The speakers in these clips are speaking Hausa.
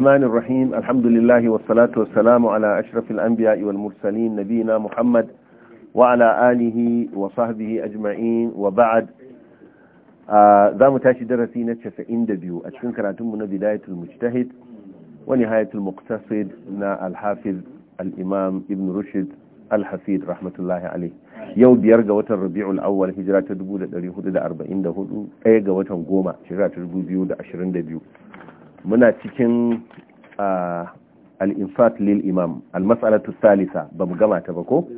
الرحمن الرحيم الحمد لله والصلاة والسلام على أشرف الأنبياء والمرسلين نبينا محمد وعلى آله وصحبه أجمعين وبعد ذا متاشي درسينا شفئين دبيو أتشكن كراتمنا بداية المجتهد ونهاية المقتصد نا الحافظ الإمام ابن رشد الحفيد رحمة الله عليه yau biyar ga watan rabi'ul awwal hijira ta 1444 ɗaya ga watan goma shekara ta 2022 muna cikin al-infat lil imam al-mas'alatu thalitha ba mu gama ta ba ko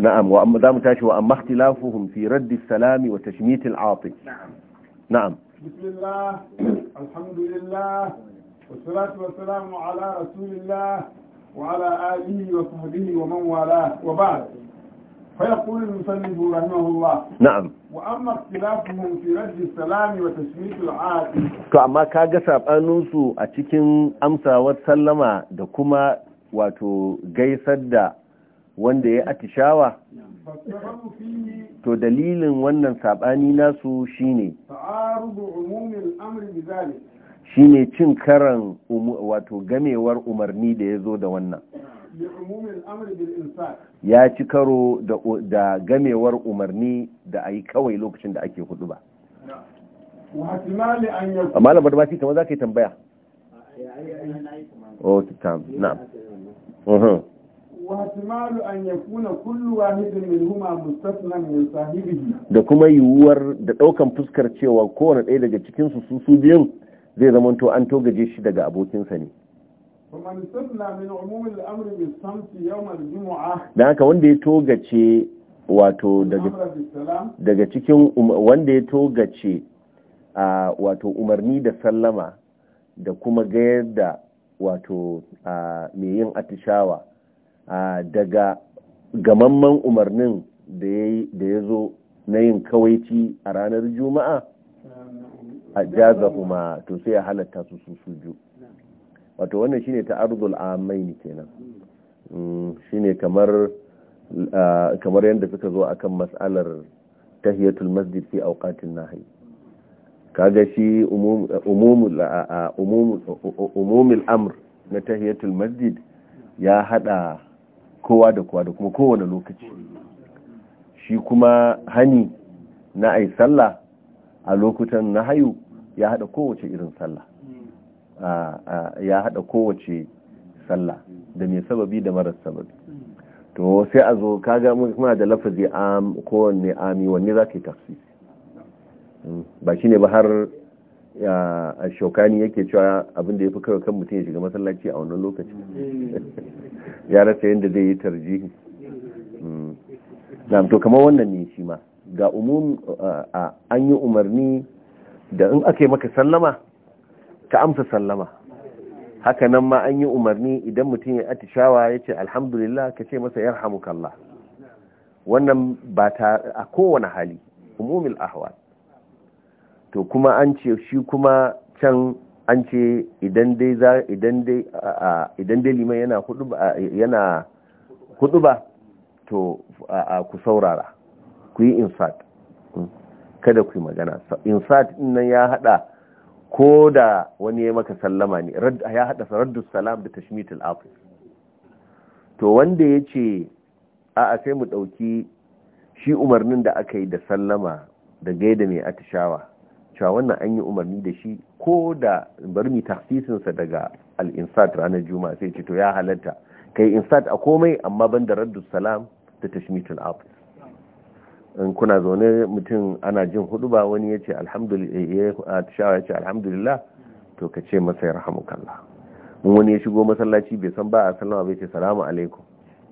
na'am wa amma zamu tashi wa amma ikhtilafuhum fi radd as-salam wa tashmit al-aati na'am bismillah alhamdulillah wassalatu wassalamu ala rasulillah wa ala alihi wa sahbihi wa man walah wa ba'd فيقول المصنف رحمه الله نعم واما اختلافهم في رد السلام وتسميت العاد تو اما كاغا sabanin su a cikin amsawar sallama da kuma wato gaisar da wanda ya atishawa to dalilin wannan sabani nasu shine shine cin karan wato gamewar umarni da ya zo da wannan ya ci karo da gamewar umarni da a yi kawai lokacin da ake hudu ba amma lamar ba kamar za ka yi tambaya da kuma yiwuwar da ɗaukan fuskar cewa kowane ɗaya daga cikinsu su su biyun zai zamanto an togaje shi daga abokinsa ne da haka wanda ya togace wato daga cikin um-, wanda ya togace a wato umarni da sallama da kuma gayar da wato mai yin atishawa daga gamamman umarnin da ya zo na yin kawaici a ranar juma'a a jaza kuma to sai a halatta su su biyu wato wannan shine arzul amaini kenan mm, shine kamar kamar yadda suka zo akan mas'alar tahiyatul masjid fi awqatin nahi kaga shi umumul umumul amr na tahiyatul masjid ya hada kowa da kowa da kuma kowane lokaci shi kuma hani na ai sallah a lokutan nahayu ya hada kowace irin sallah ya haɗa kowace sallah da mai sababi da marar sababi to sai a zo kaga kuma da lafazi am kowanne ami wanne za ka yi hmm, ba shine ba har a shokani yake cewa abin da ya fi kawai kan mutum ya shiga masallaci a wannan lokaci ya rasa yadda zai yi tarjihi hmm, na to kamar wannan ne shi ma ga umum an yi umarni da in aka yi maka sallama ka amsa sallama haka nan ma an yi umarni idan mutum ya atishawa ya ce alhamdulillah ka ce masa hamukalla wannan ba ta a kowane hali umumin ahwal to kuma an ce shi kuma can an ce idan dai za idan dai liman yana hudu ba yana hudu ba to ku saurara ku yi insat hmm. kada ku yi magana insat nan ya hada ko da wani ya maka sallama ne ya haɗa raddu salam da tashmitul afis to wanda ya ce a sai mu ɗauki shi umarnin da aka yi da sallama da gaida mai atishawa cewa wannan an yi umarni da shi ko da bari mu tafsisinsa daga al-insat ranar juma'a sai ce to ya halatta kai insat a komai amma ban da raddu salam da tashmitul afis in kuna zaune mutum ana jin hudu ba wani ya ce alhamdulillah to ka ce masa ya rahamukallah mun wani ya shigo masallaci bai san ba a salama bai ce salamu alaikum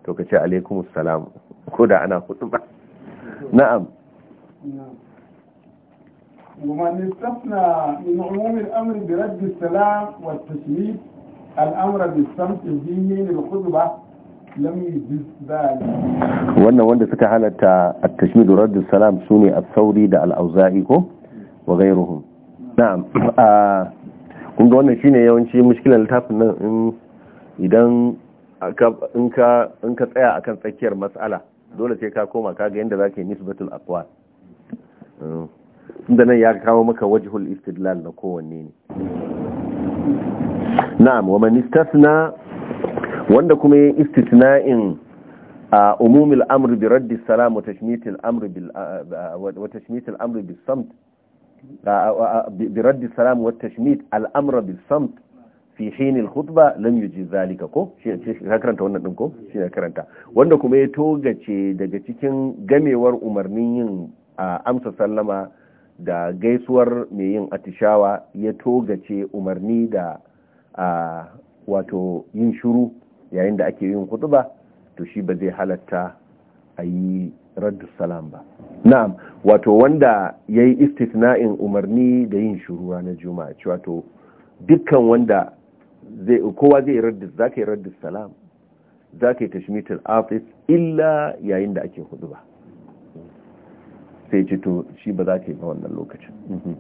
to ka ce alaikum salam ko da ana hudu ba na'am ومن استثنى من عموم الامر برد السلام والتسليم الامر بالصمت فيه للخطبه wannan wanda suka halatta a tashmidu raddu salam su ne a sauri da al'auza'i ko wa gairuhun na'am a kunga wannan shine yawanci mushkilar littafin nan idan in ka tsaya akan tsakiyar matsala dole sai ka koma ka ga yadda za ka yi nisbatul akwa inda nan ya kawo maka wajihul istidlal na kowanne ne na'am wa manistas na wanda kuma ya in a umumil amri bi raddi salam wa tashmitil amr bil samt bi raddi salam wa tashmit al amr bil samt fi hin al khutba lam yuji zalika ko shi ka karanta wannan din ko shi ne karanta wanda kuma ya togace daga cikin gamewar umarnin yin amsa sallama da gaisuwar mai yin atishawa ya togace umarni da wato yin shuru yayin da ake yin khutba to shi ba zai halatta a yi raddu salam ba na'am wato wanda ya yi istisna'in umarni da yin shuruwa na juma'a ci wato dukkan wanda zai kowa zai raddu za ka yi raddu salam za ka yi tashmitul afis illa yayin da ake kudu ba sai ce to shi ba za ka yi ba wannan lokacin mm-hmm.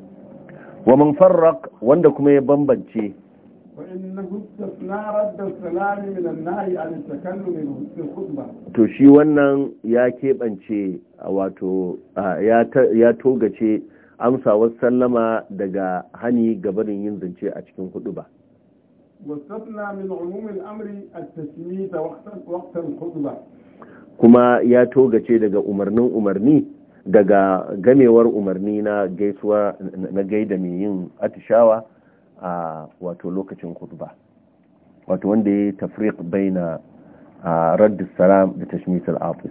wa man farraq wanda kuma ya bambance to shi wannan ya keɓance wato ya togace amsawar sallama daga hani gabarin yin zance a cikin hudu ba kuma ya togace daga umarnin umarni daga gamewar umarni na gaisuwa na gaida mai yin atishawa a wato خطبة khutba تفريق بين رد السلام baina radd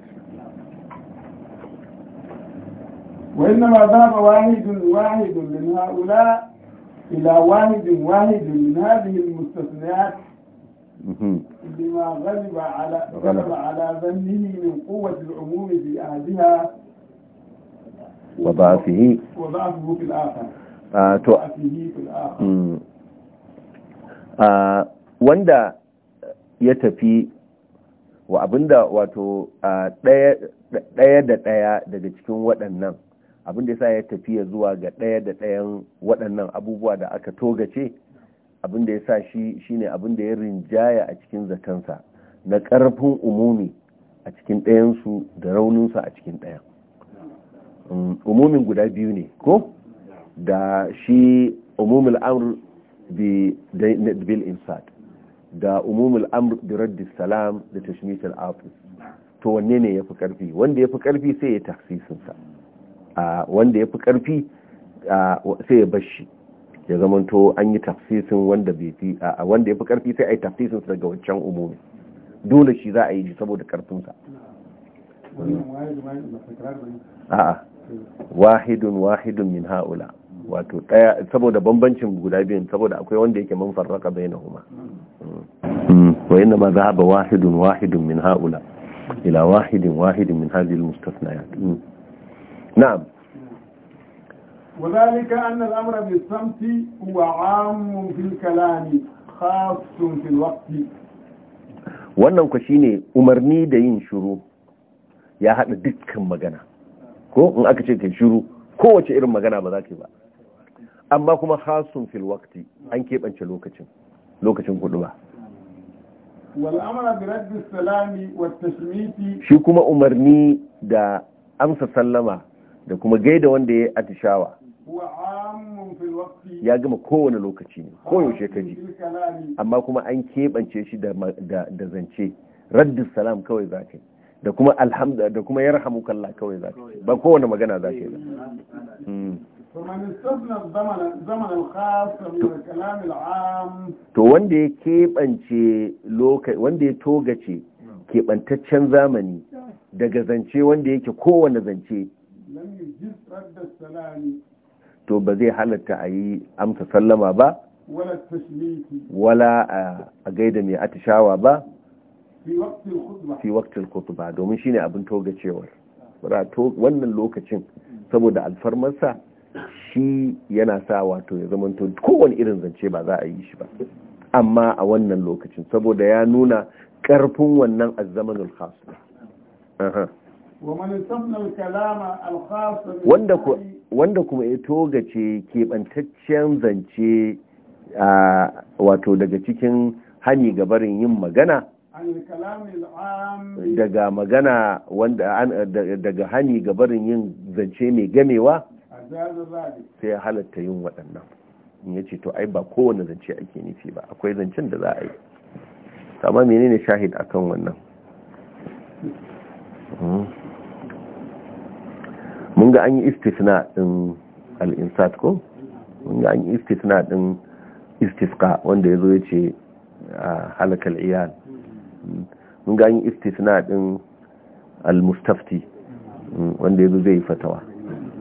وإنما ذهب واحد واحد من هؤلاء إلى واحد واحد من هذه المستثنيات بما غلب على غلب على ظنه من قوة العموم في أهلها وضعفه وضعفه في الآخر Ah, to hmm. ah, wanda ya tafi wa abinda wato ah, ɗaya da ɗaya daga cikin waɗannan abinda ya sa ya ya zuwa ga ɗaya da ɗayan waɗannan abubuwa da aka togace abinda ya sa shi shine abinda ya rinjaya a cikin zakansa na ƙarfin umumi a cikin ɗayansu da rauninsa a cikin ɗayan hmm, umumin guda biyu ne ko da shi umumul amr bil insad da umumul amr bi raddi salam da tashmit al afi to wanne ne yafi karfi wanda yafi karfi sai ya taksisin sa wanda yafi karfi sai ya bashi ya to an yi tafsisin wanda bai fi wanda yafi karfi sai ai tafsisin sa daga wancan umumi dole shi za a yi saboda karfin sa a'a wahidun wahidun min ha'ula wato daya saboda bambancin guda biyun saboda akwai wanda yake man farraka huma mm. mm. wa inna ma zahaba wahidun wahidun min haula ila wahidin wahidin min hadhihi almustathniyat mm. na'am وذلك أن الأمر samti هو عام في الكلام خاص في الوقت wannan ku shine umarni da yin shiru ya haɗa dukkan magana ko in aka ce kai shuru, kowace irin magana ba za ka yi ba amma kuma hasun fil waqti an keɓance lokacin lokacin hudu ba shi kuma umarni da amsa sallama da kuma gaida wanda ya atishawa ya gama kowane lokaci ne koyaushe ka ji amma kuma an keɓance shi da zance raddus salam kawai za ka da kuma alhamdu da kuma yarhamukallah kawai za ka ba kowane magana za ka yi ba فمن استثنى الزمن الزمن الخاص من الكلام العام to wanda ya kebance wanda ya togace keɓantaccen zamani daga zance wanda yake kowane zance to ba zai halatta a yi amsa sallama ba wala a gaida mai atishawa ba fi waktin khutba domin shine abin cewar. wannan lokacin saboda alfarmarsa shi yana sa wato ya zama to kowane irin zance ba za a yi shi ba amma a wannan lokacin saboda ya nuna karfin wannan azzamanul khas wanda wanda kuma ya ce keɓantaccen zance wato daga cikin hani gabarin yin magana daga magana wanda daga hani gabarin yin zance mai gamewa sai ya halatta yin waɗannan in ya ce to ai ba kowane zance ake nufi ba akwai zancen da za a yi amma menene shahid akan wannan hmm. mun ga an yi istisna din al'insat ko mun ga an yi istisna din Istiska, wanda ya zo ya ce a halakal iyal mun ga an yi istisna din al-mustafti hmm, wanda ya zo zai yi fatawa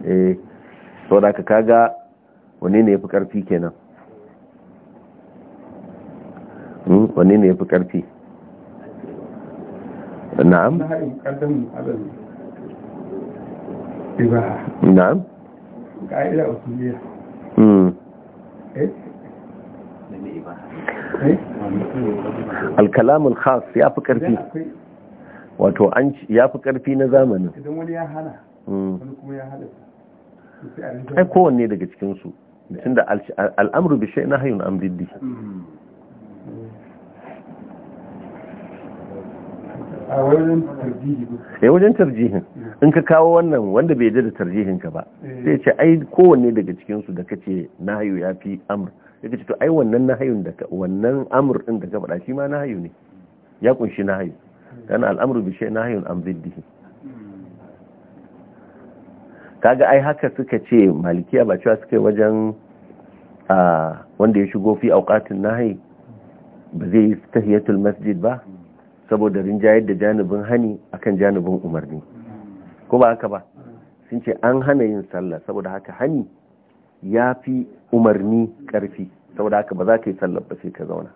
eh da ka kaga wane ne ya fi karfi kenan hmm? wane ne ya fi karfi na'am na'am ka'ida usuliyya hmm. alkalamun khas ya fi karfi wato an ya fi karfi na zamanin idan wani ya hana hmm. wani kuma ya hada ai kowanne daga cikinsu tun da al'amuru bishe na hayun amdiddi a eh, wajen tarjihin in ka kawo wannan wanda bai da tarjihin ka ba eh. sai ce ai kowanne daga cikinsu da kace na hayu ya fi amur ya ce to ai wannan na hayun da wannan amur din da ka faɗa shi ma na hayu ne ya kunshi na hayu kana al'amuru bishe na hayun amdiddi kaga ai haka suka ce malikiya ba cewa suka wajen wanda ya shigo fi na nahi ba zai yi tahiyatul masjid ba saboda rinjayar da janibin hani akan janibin umarni ko ba haka ba sun ce an hana yin sallah saboda haka hani ya fi umarni karfi saboda haka ba za ka yi sallah ba sai ka zauna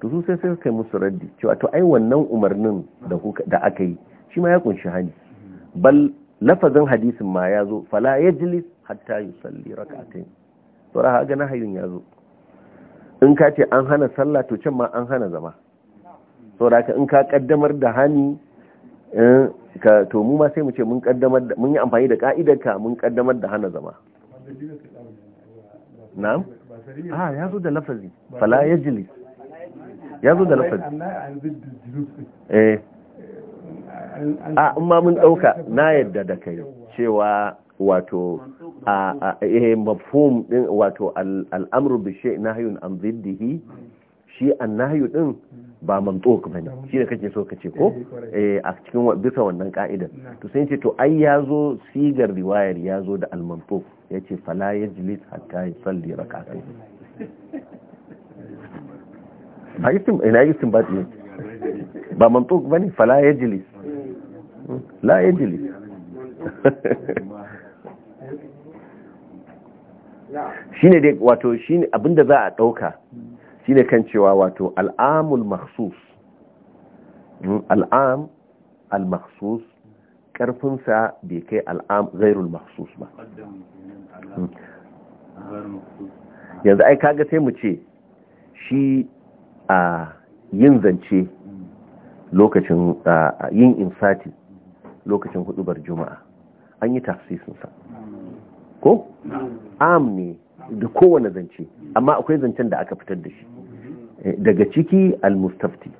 to su sai sai kai musu raddi cewa to ai wannan umarnin da aka yi shi ma ya kunshi hani bal lafazin hadisin ma ya zo fala ya jilis hatta yi salli rakatai tsora haga na hayun ya zo in ka ce an hana sallah to can ma an hana zama tsora ka in ka kaddamar da hani eh, to mu ma sai mu ce mun yi amfani da ka'idar ka mun kaddamar da hana zama na'am ah ya zo da lafazi fala ya jilis ya zo da lafazi eh a amma mun ɗauka na yadda da kai cewa wato a eh, mafhum din wato al'amru bi shay nahyun an ziddihi shi annahyu din ba mamtok bane shi da kake so ka ce ko eh, eh, a cikin bisa wannan ka'ida to sai ce to ai yazo sigar riwayar yazo da al mamtok yace fala yajlis hatta yusalli rak'atayn ba istin ina istin ba ba mamtok bane fala yajlis la ya jili shi ne dai wato shi ne abinda za a ɗauka shi ne kan cewa wato al'amul maksus al'am al ƙarfinsa bai kai al'am zairul maksus ba yanzu ai kaga sai mu ce shi a yin zance lokacin yin insati lokacin hudubar juma'a an yi tafsisinsa ko am ne da kowane zance amma akwai zancen da aka fitar da shi eh, daga ciki al-mustafti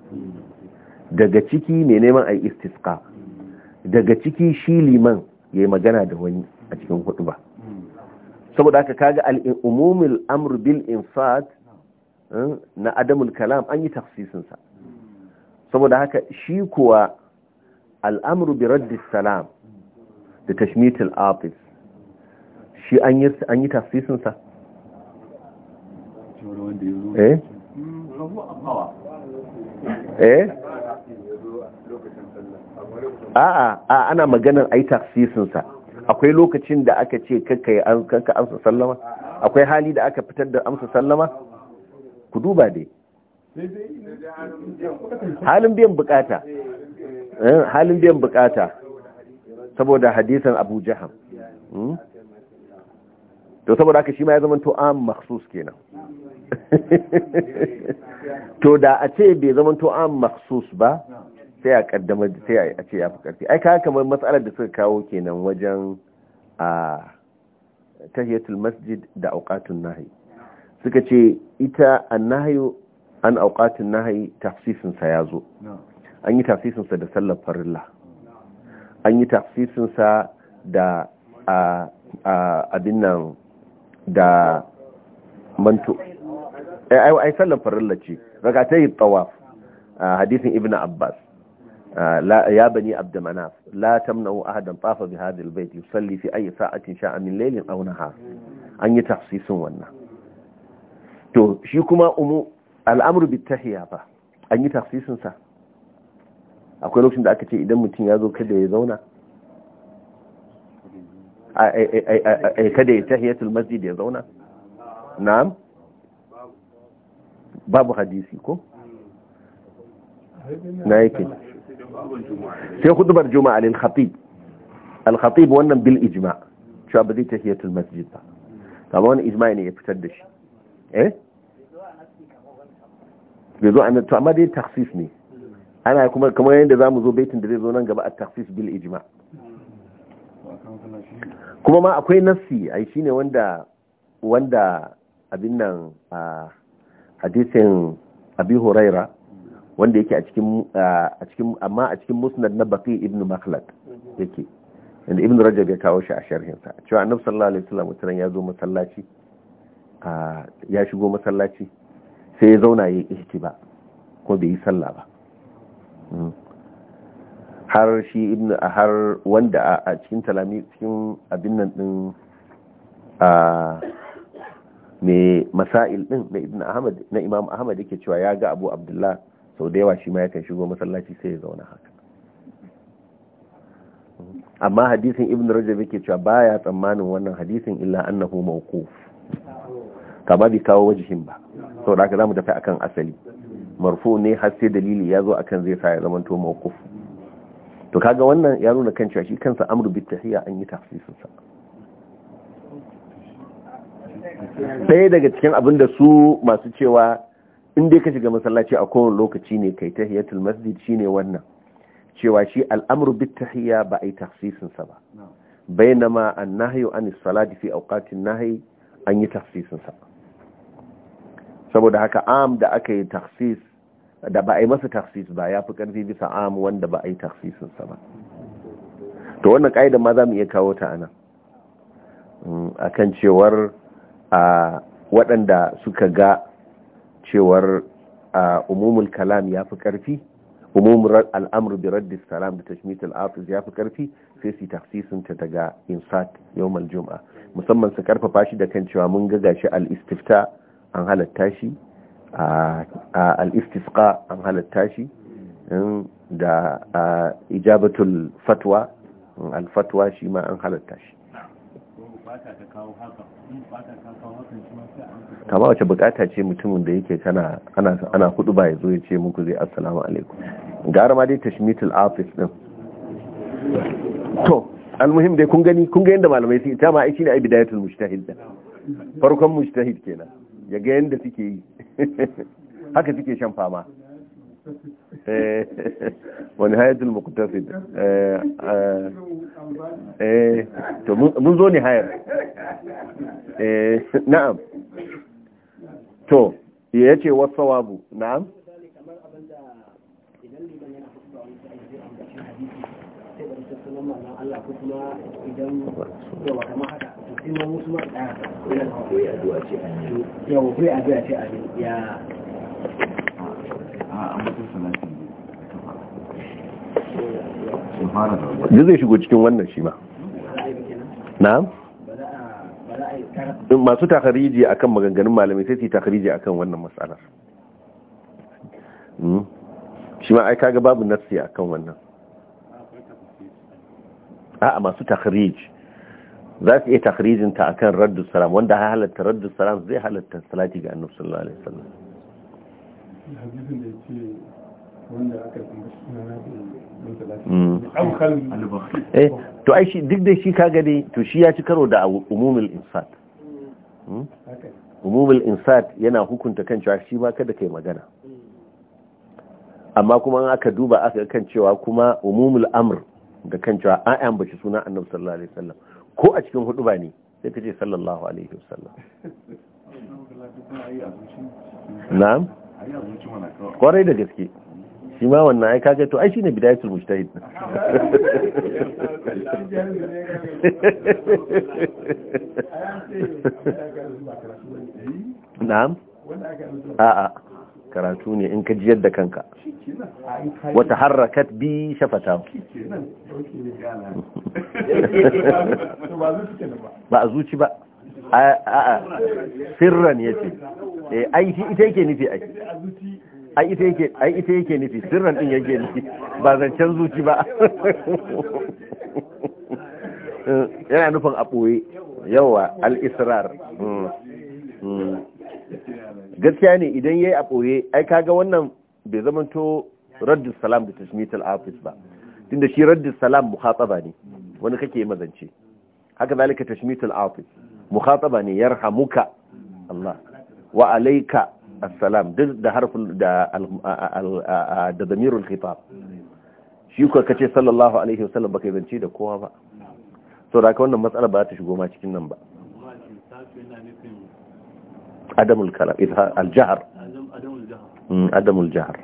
daga ciki mai neman a istisqa daga ciki shi liman ya yi magana da wani a cikin hudu ba saboda haka kaga al'umumil amur bil infat eh, na adamul kalam an yi tafsisinsa saboda haka shi kuwa al'amru bi raddi salam da tashmitin atis shi an yi tafsisinsa eh eh a'a a ana maganar ai tafsisinsa akwai lokacin da aka ce kakka an kakka amsa sallama akwai hali da aka fitar da amsa sallama ku duba dai halin biyan bukata Eh, halin biyan bukata saboda hadisan abu jiham hmm? to saboda haka shi ma ya zama to am makhsus kenan to da a ce bai zama to am maksus ba sai a kaddama sai a ce ya fi karfi ai kaga kamar matsalar da suka kawo kenan wajen a tahiyatul masjid da aukatun nahi suka ce ita an nahi an aukatun nahi tafsisin ya zo. an yi tafsisinsa da sallar farilla an yi tafsisinsa da abin nan da manto eh, ai sallar farilla ce yi tawaf hadisin ibn abbas ya bani abdumanaf la tamna'u ahadan tafa bi hadhihi albayt yusalli fi ayi sa'atin sha'a min laylin aw nahar an yi tafsisin wannan to shi kuma umu al'amru bit tahiyya fa an yi tafsisin sa akwai lokacin da aka ce idan mutum ya zo kada ya zauna kada ya tulmazi da ya zauna na'am babu hadisi ko na yake sai hudubar juma'a lil khatib al khatib wannan bil ijma cewa ba zai tahiyatul tulmazi ba kama wani ijma ne ya fitar da shi eh bai zo a nan to amma dai taksis ne ana kuma kamar yadda za mu zo baitin da zai zo nan gaba a taksis bil ijima. kuma ma akwai nassi yi shine wanda wanda abin nan a hadisin abi huraira wanda yake a cikin amma a cikin musnad na baki ibn makhlad yake inda ibn rajab ya kawo shi a sharhinsa cewa na sallallahu alaihi wasallam mutaran ya zo masallaci ya shigo masallaci sai ya zauna yi ba ko bai yi sallah ba har shi ibn har wanda a cikin talami cikin abin nan din a mai masail din na ibn ahmad na imam ahmad yake cewa ya ga abu abdullah sau da yawa shi ma yakan shigo masallaci sai ya zauna haka amma hadisin ibn rajab yake cewa baya tsammanin wannan hadisin illa annahu mawquf kama bai kawo wajihin ba saboda haka zamu tafi akan asali marfu ne har sai dalili ya zo akan zai sa ya zama to mawquf to kaga wannan ya nuna kan cewa shi kansa amru bi tahiyya an yi tafsirin sa sai daga cikin abin da su masu cewa in dai ka shiga masallaci a kowane lokaci ne kai tahiyatul masjid shine wannan cewa shi al'amru bi tahiyya ba ai tafsirin sa ba bainama an-nahyu anis salati fi awqatin nahyi an yi tafsirin sa saboda haka am da aka yi taksis da ba a yi masa taksis ba ya fi ƙarfi bisa am wanda ba a yi taksisinsa ba to wannan ƙa'idar ma za mu iya kawo ta ana mm, a kan cewar waɗanda suka ga cewar umumul kalam ya fi ƙarfi umumul al'amur bi raddi salam da tashmit al'afiz ya fi ƙarfi sai su tafsisin ta daga insat mal juma'a musamman su karfafa shi da kan cewa mun ga gashi al-istifta an halatta shi a al an halatta shi da ijabatul fatwa al-fatwa shi ma an halatta shi kama wace bukata ce mutumin da yake tana ana hudu ba ya zo ya ce muku zai assalamu alaikum gara ma dai tashmitul afis din to almuhim dai kun gani kun ga yadda malamai su ita ma ai ne ai bidayatul mujtahid da farkon mujtahid kenan ya ga yadda suke yi haka suke shan fama eh, wani hayatul muqtasid eh, eh, eh to mun zo ne hayar na'am to ya ce na'am Allah ko kuma idan haka in ah, koyi addu'a ce yi koyi addu'a ce yi ya ah, ah, duk zai shigo cikin wannan shi ma na masu takariji akan maganganun malamai sai su takariji akan wannan matsalar hmm? shi ma ai kaga babu nassi akan wannan a'a masu takariji za su iya takhrijin ta akan raddu salam wanda ha halatta raddu salam zai halatta salati ga annabi sallallahu alaihi wasallam hadisin da yake wanda aka hmm. eh to ai shi duk da shi kaga dai to shi ya ci karo da umumul insat hmm? umumul insat yana hukunta kan cewa shi ba kada kai magana amma kuma aka duba aka kan cewa kuma umumul amr da kan cewa an ambaci suna annabi sallallahu alaihi wasallam ko a cikin hudu ba ne sai ka ce sallallahu alaihi wasallam na'am kwarai da gaske shi ma wannan ai kaga to ai shine bidayatul mujtahid na'am a'a karatu ne in ka jiyar da kanka wata harrakat bi shafata ba a zuci ba a'a sirran ya ce eh, ai ita yake nufi ai ai ita yake nufi sirran din yake nufi ba zancen zuci ba eh, yana nufin a ɓoye yawa al-israr hmm. gaskiya ne idan ya yi a ɓoye ai kaga wannan bai zamanto raddu salam da tashmital afis ba tunda shi raddu salam mukhataba ne wani kake mazance haka zalika tashmital afis mukhataba ne yarhamuka Allah wa alayka assalam duk da harfin da zamirul damirul khitab shi kuwa kace sallallahu alaihi wasallam baka zance da kowa ba so da haka wannan matsala ba ta shigo ma cikin nan ba عدم الكلام إظهار الجهر عدم الجهر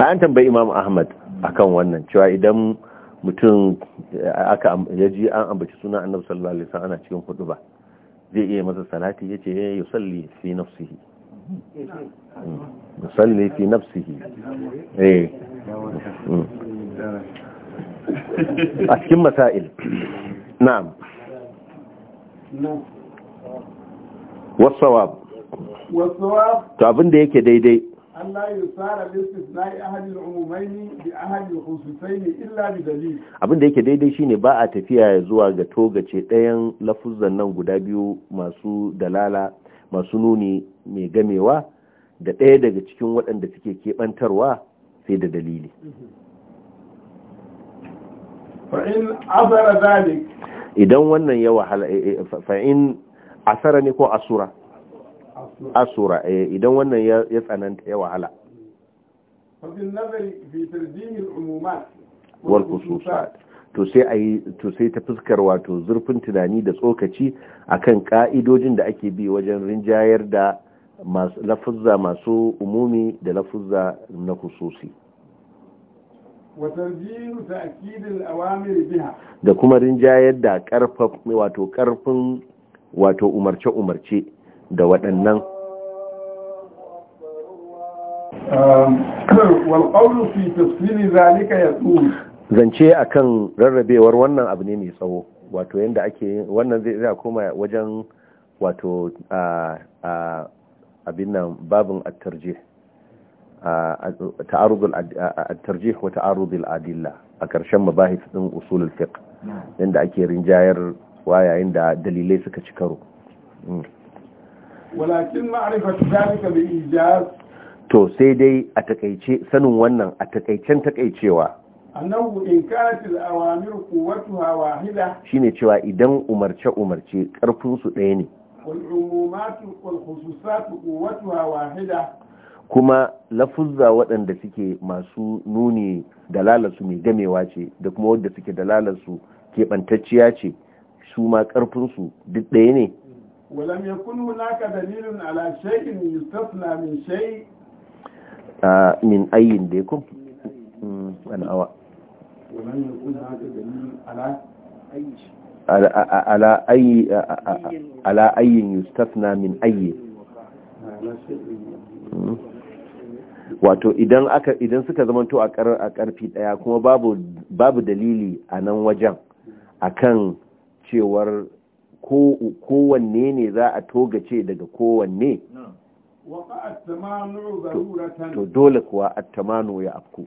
an tambayi imam ahmad akan wannan cewa idan mutum aka yaji an ambaci suna annabi sallallahu alaihi wasallam ana cikin hudu ba zai iya masa salati yace ya yusalli fi nafsihi yusalli fi nafsihi eh a cikin masail na'am wasawab to abin da yake daidai abin da yake daidai shine ba a tafiya zuwa ga ɗayan lafuzan nan guda biyu masu dalala masu nuni mai gamewa da ɗaya daga cikin waɗanda suke keɓantarwa sai da dalili mhm. fa'in azara zalik idan wannan ya wahala fa'in asara ne ko asura asura idan wannan ya tsananta ya wahala fa'in nazari to sai a yi to sai ta fuskar wato zurfin tunani da tsokaci akan ka'idojin da ake bi wajen rinjayar da lafuzza masu umumi da lafuzza na khususi da kuma rinjayar da wato karfin wato umarce-umarce da waɗannan um, zance a kan rarrabewar wannan abu ne mai tsawo wato yadda ake wannan zai koma wajen wato abin nan babin attarje ta'arudul at-tarjih wa ta'arudul adilla a ƙarshen mabahis din usulul fiqh inda ake rinjayar wa yayin da dalilai suka ci karo walakin ma'rifatu zalika bi ijaz to sai dai a takeice sanin wannan a takeicen takeicewa annahu in kanat al-awamir quwwatuha wahida shine cewa idan umarce umarce karfin su ɗaya ne wal umumat wal khususat quwwatuha wahida kuma lafuzza waɗanda suke masu nuni dalalarsu mai gamewa ce da kuma wadda suke dalalarsu keɓantacciya ce su ma ƙarfinsu duk ɗaya ne ولم يكن هناك دليل min min min wato idan aka idan suka zamanto a karfi daya kuma babu dalili a nan wajen akan cewar ko kowanne ne za a togace daga kowanne to dole kuwa attamanu ya afku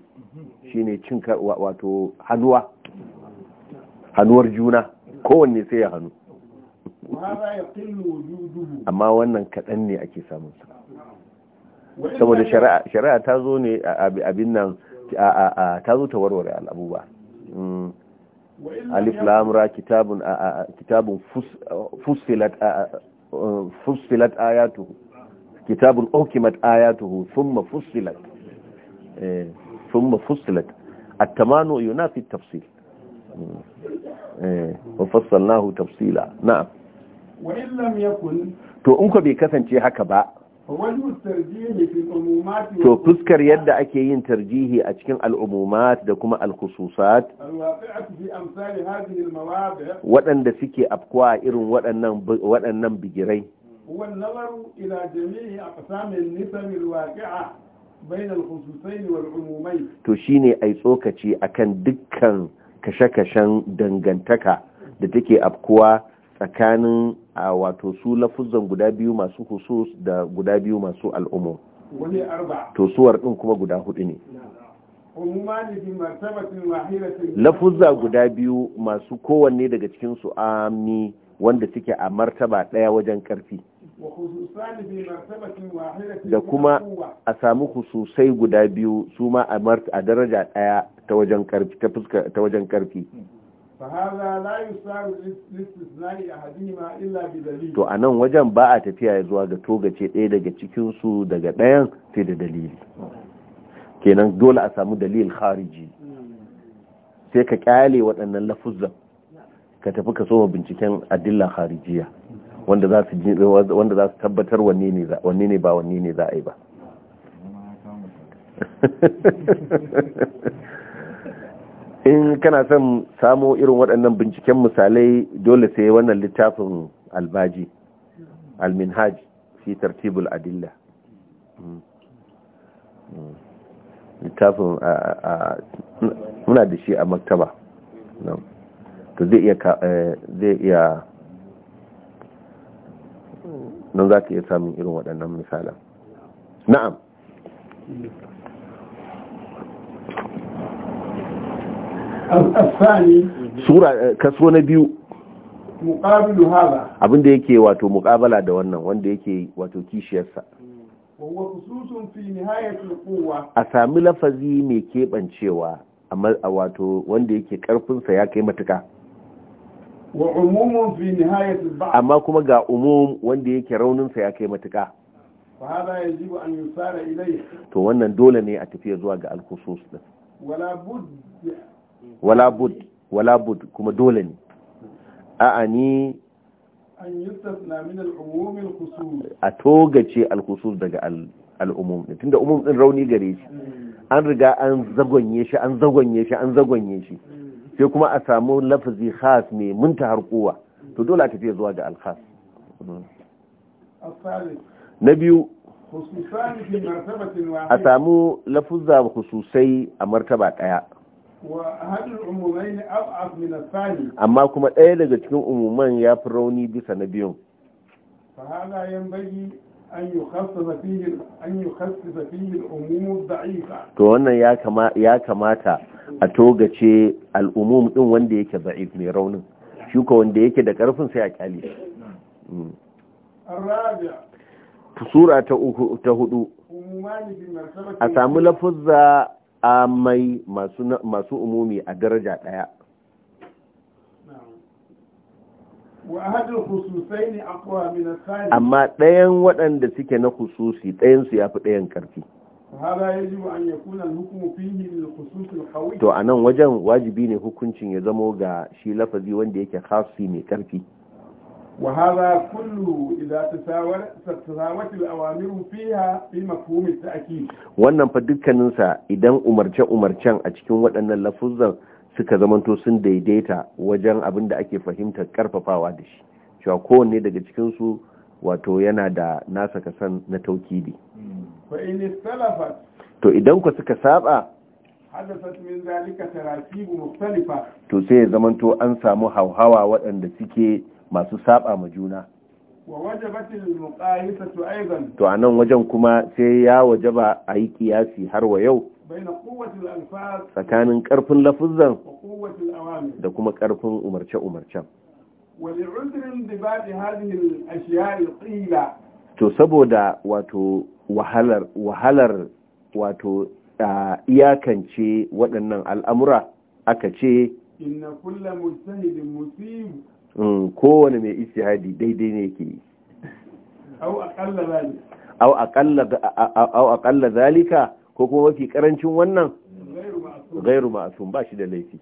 shine cin wato hannuwa hannuwar juna kowanne sai ya hannu amma wannan kaɗan ne ake samun sa saboda shari'a ta zo ne abin nan ta zo ta warware al'abuwa mm. alif lamura kitabun kitabun fusilat uh, ayatuhu kitabun ukimat ayatuhu thumma fusilat eh, thumma fusilat at-tamanu yunafi at-tafsil mm. eh, wa fassalnahu tafsila na'am wa illam yakun to in ko bai kasance haka ba to fuskar yadda ake yin tarjihi a cikin al’ummat da kuma al’ususat waɗanda suke afkuwa irin waɗannan bigirai to shi ne a yi tsokaci a kan dukkan kashe-kashen dangantaka da take afkuwa tsakanin a wato su lafuzan guda biyu masu husus da guda biyu masu al'umum to suwar din kuma guda hudu ne lafuzza guda biyu masu kowanne daga cikin su ami wanda suke a martaba daya wajen karfi da kuma a samu hususai guda biyu su ma a daraja daya ta wajen karfi فهذا لا يصار لاستثناء أحدهما إلا بدليل تو أنا وجن باء تفيا يزوا ga togace ɗaya daga cikin su daga dayan sai da dalili kenan dole a samu dalil khariji sai ka kyale waɗannan lafuzzan ka tafi ka soma binciken adilla kharijiya wanda za su wanda za su tabbatar wanne ne wanne ne ba wanne ne za a yi ba in kana son samo irin waɗannan binciken misalai dole sai wannan littafin albaji alminhaj fi tartibul adilla mm. Mm. littafin muna da shi a maktaba to zai iya eh, zai iya nan za ka iya samun irin waɗannan misalan na'am الثاني eh, na biyu بيو مقابل هذا أبن دي يكي واتو مقابلة دوانا وان wato kishiyarsa. واتو كيش يسا وهو خصوص في A sami lafazi mai ميكيب amma أما ya wa umumun fi amma kuma ga umum wanda yake raunin sa ya kai matuka fa hada yajibu an yusara to wannan dole ne a tafiya zuwa ga al din wala wala bud wala bud kuma dole ne a'a ni a togace alkhusus daga al'umum din tunda umum din rauni gare shi hmm. an riga an zagonye shi an zagonye shi an zagonye shi hmm. sai kuma a samu lafazi khas mai munta kowa to dole a zuwa ga alkhas na biyu a samu lafuzza khususai a martaba daya amma kuma ɗaya daga cikin umuman ya fi rauni bisa na biyun to wannan ya kamata a togace al'umum ɗin wanda yake za'if mai raunin shuka wanda yake da ƙarfin sai a kyale mm. sura ta hudu a sami lafuzza amai masu umumi a daraja ɗaya amma ɗayan waɗanda suke na hususi ɗayansu ya fi ɗayan ƙarfi to a nan wajen wajibi ne hukuncin ya zamo ga shi lafazi wanda yake hasi mai ƙarfi وهذا كله إذا تساوت الأوامر فيها في مفهوم التأكيد wannan fa dukkaninsa idan umarce-umarcen a cikin wadannan lafuzan suka zamanto sun daidaita wajen abin da ake fahimtar karfafawa da shi cewa kowanne daga cikinsu wato yana da nasa kasan na taukidi to idan ku suka saba haddasat min zalika taratibu mukhtalifa to sai ya zamanto an samu hauhawa waɗanda suke masu saba ma juna to a nan wajen kuma sai ya wajaba a yi kiyasi har wa yau tsakanin karfin lafuzan, da kuma karfin umarce-umarcen to saboda wato wahalar wahalar wato iyakance waɗannan al'amura aka ce inna kulla mujtahidin musib Mm, kowane mai istihadi daidai ne yake yi au akalla zalika ko kuma mafi ƙarancin wannan gairu ma'asum ba shi da laifi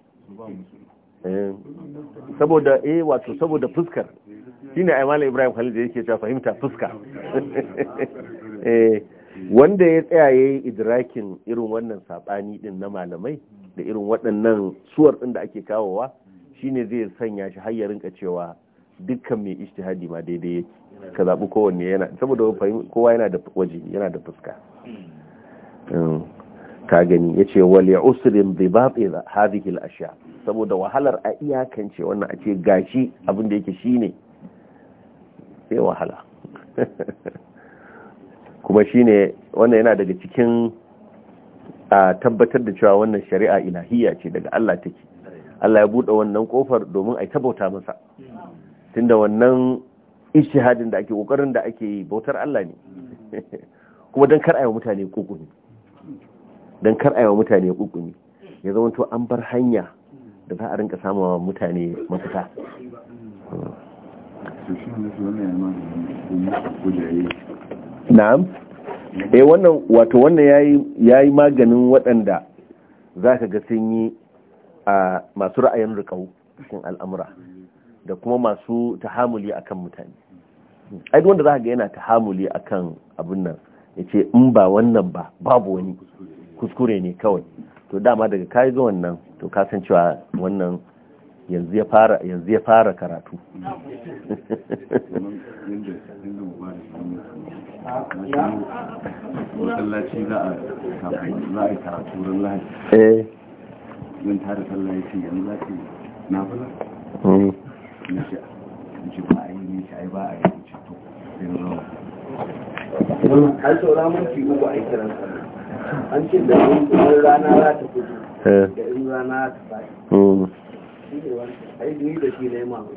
eh, saboda eh wato saboda fuskar shine ne malam Ibrahim Khalil da yake ta fahimta fuska eh, wanda ya tsaya ya yi idrakin irin wannan sabani din na malamai da irin waɗannan suwar ɗin da ake kawowa Shi ne zai sanya shi har ya rinka cewa dukkan mai ijtihadi ma daidai ka zaɓi kowanne yana saboda kowa yana da waje yana da fuska hmm. Hmm. ka gani ya ce wal ya usirin bai baɓe hadhihi ashiya saboda wahalar a iyakance wannan a ce gashi abin da yake shine sai wahala kuma shine wannan yana daga cikin a tabbatar da cewa wannan shari'a ilahiyya ce daga Allah take Allah ya buɗe wannan kofar domin a tabauta masa tunda wannan ishihadin da ake ƙoƙarin da ake yi bautar Allah ne kuma don kar a wa mutane ƙuƙumi, don kar a wa mutane ƙuƙumi, ya zama to an bar hanya da za a rinka samun mutane mafita na'am eh wannan wato wannan yayi yayi maganin waɗanda zaka ga sun yi A masu ra'ayin riƙau cikin al'amura da kuma masu tahamuli akan mutane ai wanda za ga yana tahamuli akan abin nan ya ce in ba wannan ba babu wani kuskure ne kawai to dama daga kayi zo wannan to kasancewa wannan yanzu ya fara karatu za a karatu zan tara sallah ya ce yanzu za ki hmm. na fula na ce ba a yi ne shi ai ba a yi ne ce to sai na zama an saura minti uku a yi kiran sallah an ce da eh. in rana za ta fito da in rana ta fito ai da da shi na yi mamaki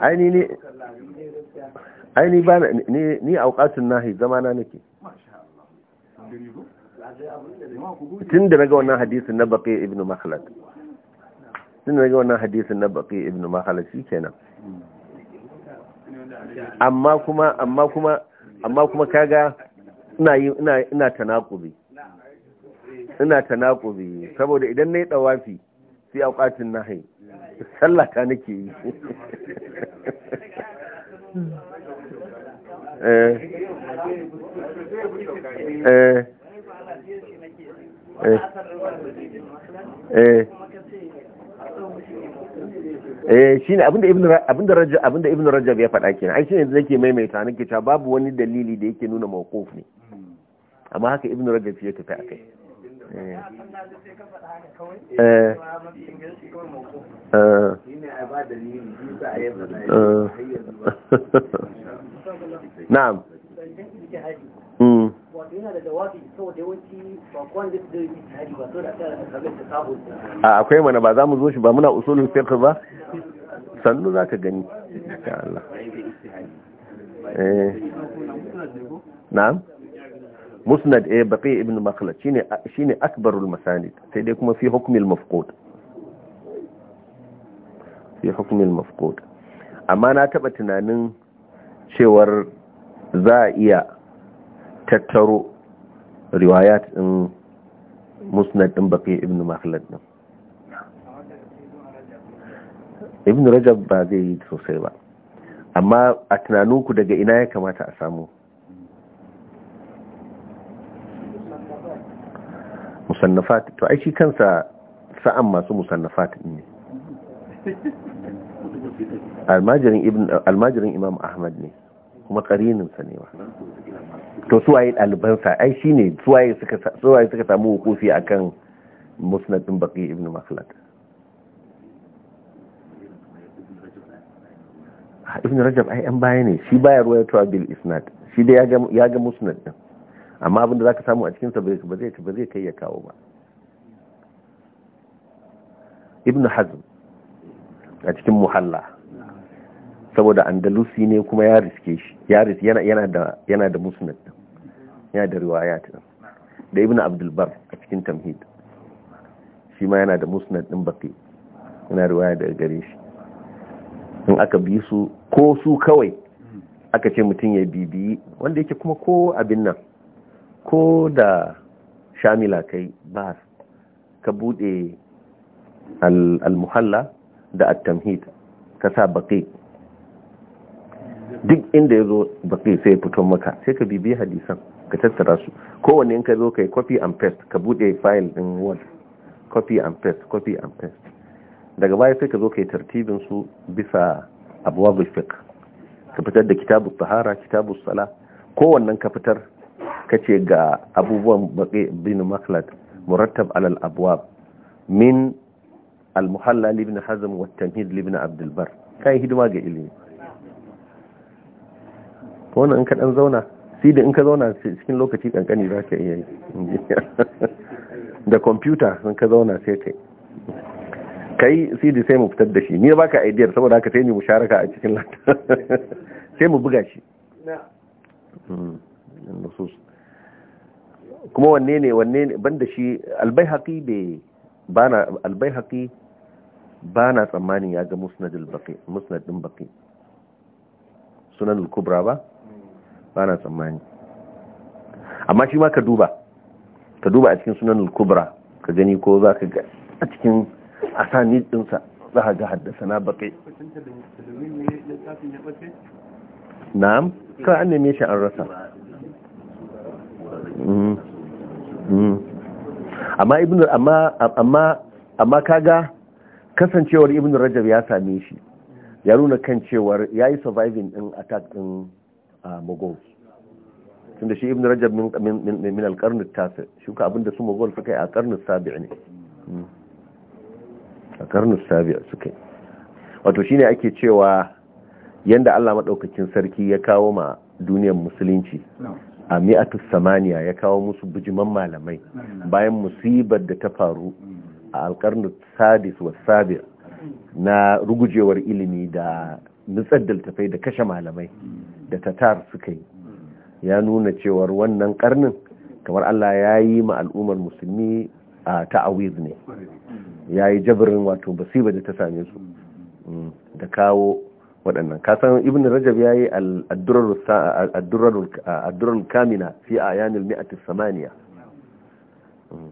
aini ba ni a auqatun nahi zamana nake tun da naga wannan hadisun na baqi ibn makhlad tun da naga wannan hadisun na baqi ibn makhlad shikenan amma kuma amma kuma amma kuma kaga ina ina ina tanakubi ina tanakubi saboda idan na yi ɗawafi sai a auqatun nahi sallata nake yi Eh. Eh. Eh. shine abinda ibn abinda rajab ibn rajab ya faɗa kenan ai shine yanzu nake maimaita nake cewa babu wani dalili da yake nuna mawquf ne amma haka ibn rajab ya tafi akai Eh. Eh. na'am hmm. a akwai mana ba za mu zo shi ba muna usulun fiqh ba sannu za ka gani eh. na'am musnad eh baqi ibn makhlad shine shine akbarul masanid sai dai kuma fi hukumil mafqud fi mafqud amma na taɓa tunanin cewar za a iya tattaro riwayat din musnad din baqi ibn makhlad din ibn rajab ba zai yi sosai ba amma a tunaninku daga ina ya kamata a samu musannafat to ai shi kansa sa'an masu musannafat ne almajirin imam ahmad ne kuma sa ne wa to suwaye ɗalibansa ai shi ne suwaye suka samu hukufi akan musnadin baqi ibn makhlad ibn rajab ai an baya ne shi baya ruwa ya bil isnad shi da ya ga musnad din amma abinda za ka samu a cikinsa ba zai kai ya kawo ba ibn hazm a cikin muhalla saboda andalusi ne kuma ya riske shi yana da musnad yana da ta da ibn abdulbar a cikin tamhid shi ma yana da musnad din baki yana riwaya da gare shi in aka bi su ko su kawai aka ce mutum ya bibiyi wanda yake kuma ko abin nan ko da shamila kai ba ka bude al-muhalla da at-tamhid ka sa baqi duk inda yazo baqi sai ya fito maka sai ka bibi hadisan ka tattara su kowanne in ka zo kai copy and paste ka bude file din word copy and paste copy and paste daga baya sai ka zo kai tartibin su bisa abwabul fiqh ka fitar da kitabut tahara kitabus sala kowannen ka fitar ce ga abubuwan baƙe bin maklat murattab alal al min almuhalla muhalla hazam ibn wa at-tamhid li ibn abd al hidima ga ilimi wannan in ka ɗan zauna sai da in ka zauna cikin lokaci ƙanƙani za ka iya yi da kwamfuta sun ka zauna sai kai kai da sai mu fitar da shi ni ba ka idiyar saboda haka sai ni mu sharaka a cikin lantarki sai mu buga shi na hmm. kuma wanne ne wanne ne banda shi haƙi be bana haƙi bana tsammanin ya ga musnadin baƙi baqi sunan al-kubra ba bana tsammani amma shi ma ka duba ka duba a cikin sunan al-kubra ka gani ko za ka ga a cikin asani dinsa za ka ga haddasa na baƙi na'am ka an neme shi an rasa mhm. Mm. amma ibn amma amma amma kaga kasancewar ibn rajab ya same shi ya nuna kan cewar yayi surviving din attack din mogol tunda shi ibn rajab min min min al-qarn at-tasi shi ka abinda su mogol suka yi a qarn as-sabi' ne mm. a qarn as-sabi' suka wato shine ake cewa yanda Allah madaukakin sarki ya kawo ma duniyar musulunci a mi'atu samaniya ya kawo musu bijiman malamai bayan musibar da ta faru a alƙarnu sadis wa sabir na rugujewar ilimi da nutsar daltafai da kashe malamai da tatar suka yi ya nuna cewar wannan karnin kamar Allah ya yi ma al'ummar musulmi a ta'awiz ne ya yi jabirin wato basiba da ta same su mm, da kawo waɗannan kasan ibn rajab ya yi addurar kamina fi a yanin mi'atis samaniya mm.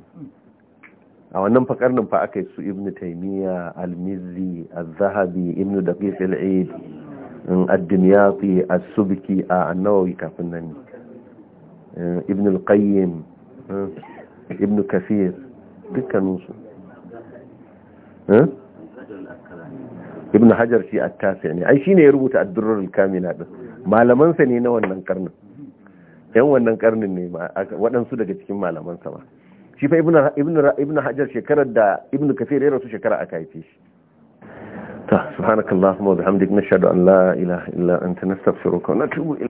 a wannan fakarnin fa aka yi su ibn taimiyya al-mizzi al-zahabi ibn daqis al-aid mm, ad as-subki a annawawi kafin nan mm, ibn al-qayyim ibn kafir dukkaninsu ibn hajar shi attasa ne ai shine ya rubuta ad-durrul kamila din malaman sa ne na wannan karnin yan wannan karnin ne waɗansu daga cikin malaman sa ba shi fa ibn ibn ibn hajar shekarar da ibn kafir ya rasu shekara aka haife shi ta subhanakallahumma wa bihamdika nashhadu an la ilaha illa anta nastaghfiruka